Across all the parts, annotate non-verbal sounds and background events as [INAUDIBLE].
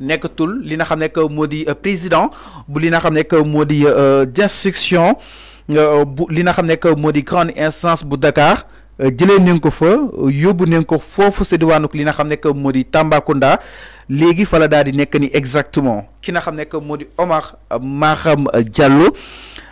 nekkatul li nga xam ne moo di euh, président bu li nga xam ne moo di euh, d'instruction euh, bu li na xam ne moo di grande instance bu Dakar jëlee nañ ko fa yóbbu nañ ko foofu sa diwaanu li nga xam ne moo di Tambacounda léegi fa la daal di nekk ni exactement ki nga xam ne moo di Omar Maham Diallo.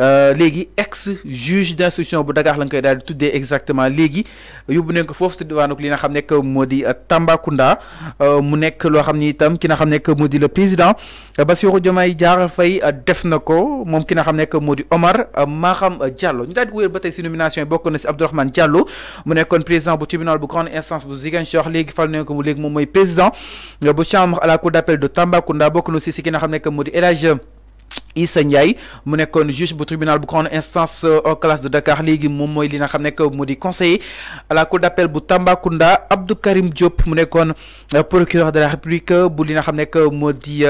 Euh, léegi ex juge d'instruction bu Dakar lañ koy daal tuddé exactement léegi yobou nañ ko fofu si diwanou li nga xam nekk moo di Tambacounda euh, mu nek lo xamni ni itam ki nga xamné nekk modi le président Bassirou Diomaye Diakhar Fay def nako mom ki nga xamné nekk modi Omar Maham Diallo ñu daal di wéyal ba tey nomination bokk na ci Abdourahmane Diallo mu nekkoon président bu tribunal bu grande instance bu Cheikh léegi fal nañ ko mu léegi mom moy président bu chambre à la cour d'appel appel de Tambacounda bokk na ci si ki nga xamné nekk modi Elage Issa Ndiaye mu nekkoon juge bu tribunal bu grande instance euh, en classe de Dakar léegi moom mooy li nga xam que di conseiller à la cour d'appel bu Tambacounda Abdou Karim Diop mu nekkoon euh, procureur de la République euh, bu li nga xam que moo di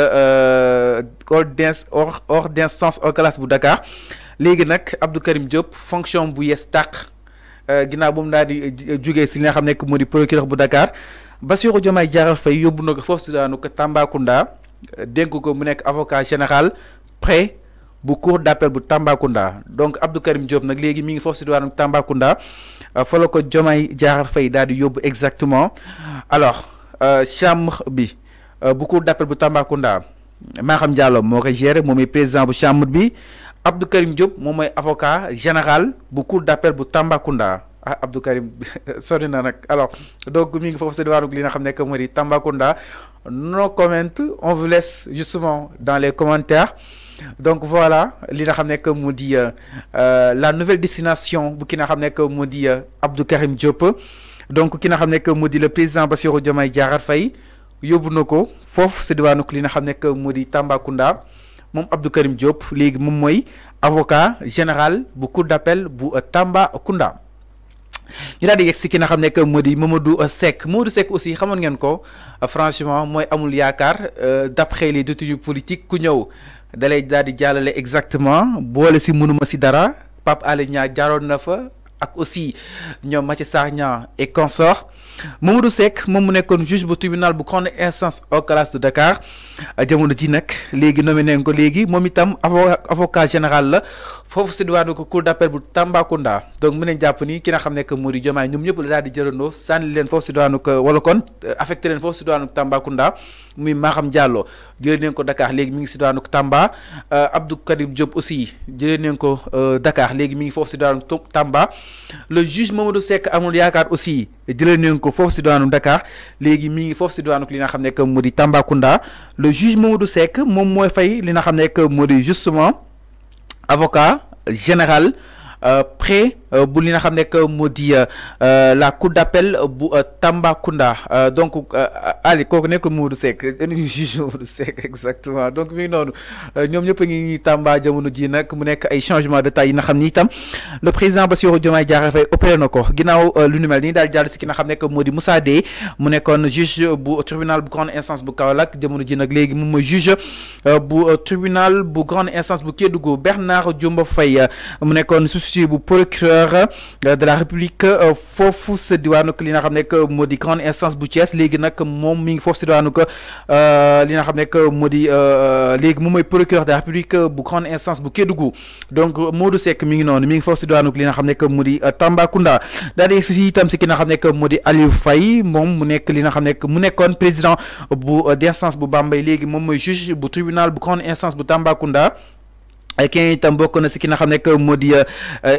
hors d'instance en classe bu Dakar léegi nag Abdou Karim Diop fonction bu yes tàq ginnaaw bu mu daal di jugee si li nga xam procureur bu Dakar Bassirou Diomaye Diakhar Faye yóbbu na ko foofu si daanu ko Tambacounda dénk ko mu nekk avocat général près beaucoup cour d'appel bu Tambacounda donc Abdou Karim Diop nag léegi mi ngi foofu si diwaanu Tambacounda euh, fa la ko Jomay Diakhar Fay daal di exactement alors euh, chambre bi euh, bu cour d'appel bu Tambacounda Maham Diallo moo koy gérer moom président bu chambre bi Abdou Karim Diop avocat général bu cour d'appel bu Tambacounda ah Abdou Karim [LAUGHS] sori alors donc mi ngi de si n'a li nga xamne nekk Tambacounda nos comment on vous laisse justement dans les commentaires donc voilà li nga xamné que di euh, euh, la nouvelle destination bu ki nga xamné que mu di euh, Abdou Karim Diop donc ki nga xamné que mu di le président Bassirou Diomaye Diakhar Fay yobunako fof ko foofu si li nga xamné que mu di Tambacounda mon Abdou Karim Diop légui mom moy avocat général bu cour d'appel bu Tambacounda. ñu daal di yegg si ki nga xam que Modi di Mamadou Seck Mamadou Seck aussi xamoon ngeen ko franchement mooy amul yaakaar d'après les détenus politiques ku ñëw. dalay daal di jàllale exactement boole si mënuma si dara Pape Alé Niang jaaroon na fa ak aussi ñoom Mathi Sarr Niang et consort Mamadou Seck moom mu juge du tribunal de grande instance au classe de Dakar jamono ji nag léegi nommé nañ ko léegi avocat général la foofu si diwaanu ko cour d'appel Tamba Kunda. donc mu nañ qui ni ki nga xam que moo di Diomaye ñoom ñëpp la daal di jërëndoo sànni leen foofu si diwaanu ko wala kon euh, affecté leen foofu si diwaanu Tambacounda muy Maham Diallo jëlee nañ ko Dakar léegi mi ngi si Tamba euh, Abdou Karim Diop aussi jëlee nañ ko euh, Dakar léegi mi ngi foofu Tamba le juge Mamadou Seck amul yaakaar aussi jëlee nañ ko foofu si diwaanu Dakar léegi mi ngi foofu si diwaanu li nga xam ne que moo di Tambacounda le juge Mamadou sec moom mooy fay li nga xam ne que moo justement avocat général. Euh, près euh, bu li nga xam nekk moo euh, la cour d'appel bu Tamba Kunda donc Ali kooku nekk Mourou Seck [LAUGHS] juge Mourou Seck exactement donc mi ngi noonu ñoom ngi Tamba jamono ji nak mu nek ay changement de taille yi nga xam ni le président Bassirou Diomaye Diakhar fay opéré nako ginaaw ginnaaw lu ni mel ni daal jàll si ki nga xam nekk moo Moussa Deye mu nekkoon juge bu tribunal bu grande instance bu Kaolack jamono ji nak léegi moom mooy juge bu tribunal bu grande instance bu Kédougou Bernard Diomba Faye mu nekkoon ci bu procureur euh, de la république euh, fofu se diwaanu ko li nga xam nekk modi di grande instance bu ties léegi nak mom mi ngi foofu sa diwaanu ko euh, li nga xam nekk modi euh léegi moom mooy procureur de la république bu grande instance bu Kédougou donc Modou Seck mi ngi non mi ngi foofu si diwaanu li nga xam nekk moo di Tambacounda ci itam si ki nga xam nekk modi di Aliou Faye mom mu nek li nga xam nekk mu nekkoon président bu d'instance bu bambay léegi moom mooy juge bu tribunal bu grande instance bu Tambacounda ay kenn itam bokk na si ki na xam ne moo di euh,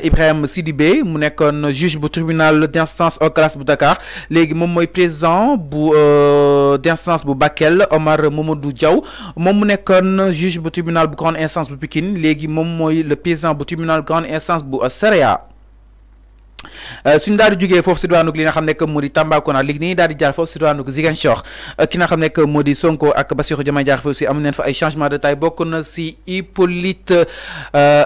Ibrahima Sidibé mu nekkoon juge bu tribunal d'instance au classe bu Dakar léegi moom mooy président bu euh, d'instance bu Bakel Omar du Diaw moom mu nekkoon juge bu tribunal bu grande instance bu Pikine léegi moom mooy le président bu tribunal grande instance bu euh, Saraya Euh, suñu daal di jógee foofu si diwaanug li nga xam nekk moo di Tambacounda léegi nii daal di jaar foofu si diwaanug Ziguinchor euh, ki nga xam nekk moo di Sonko ak Bassirou Diomaye Diakhar Faye aussi am neen fa ay changement de taille bokk na si Hippolyte euh,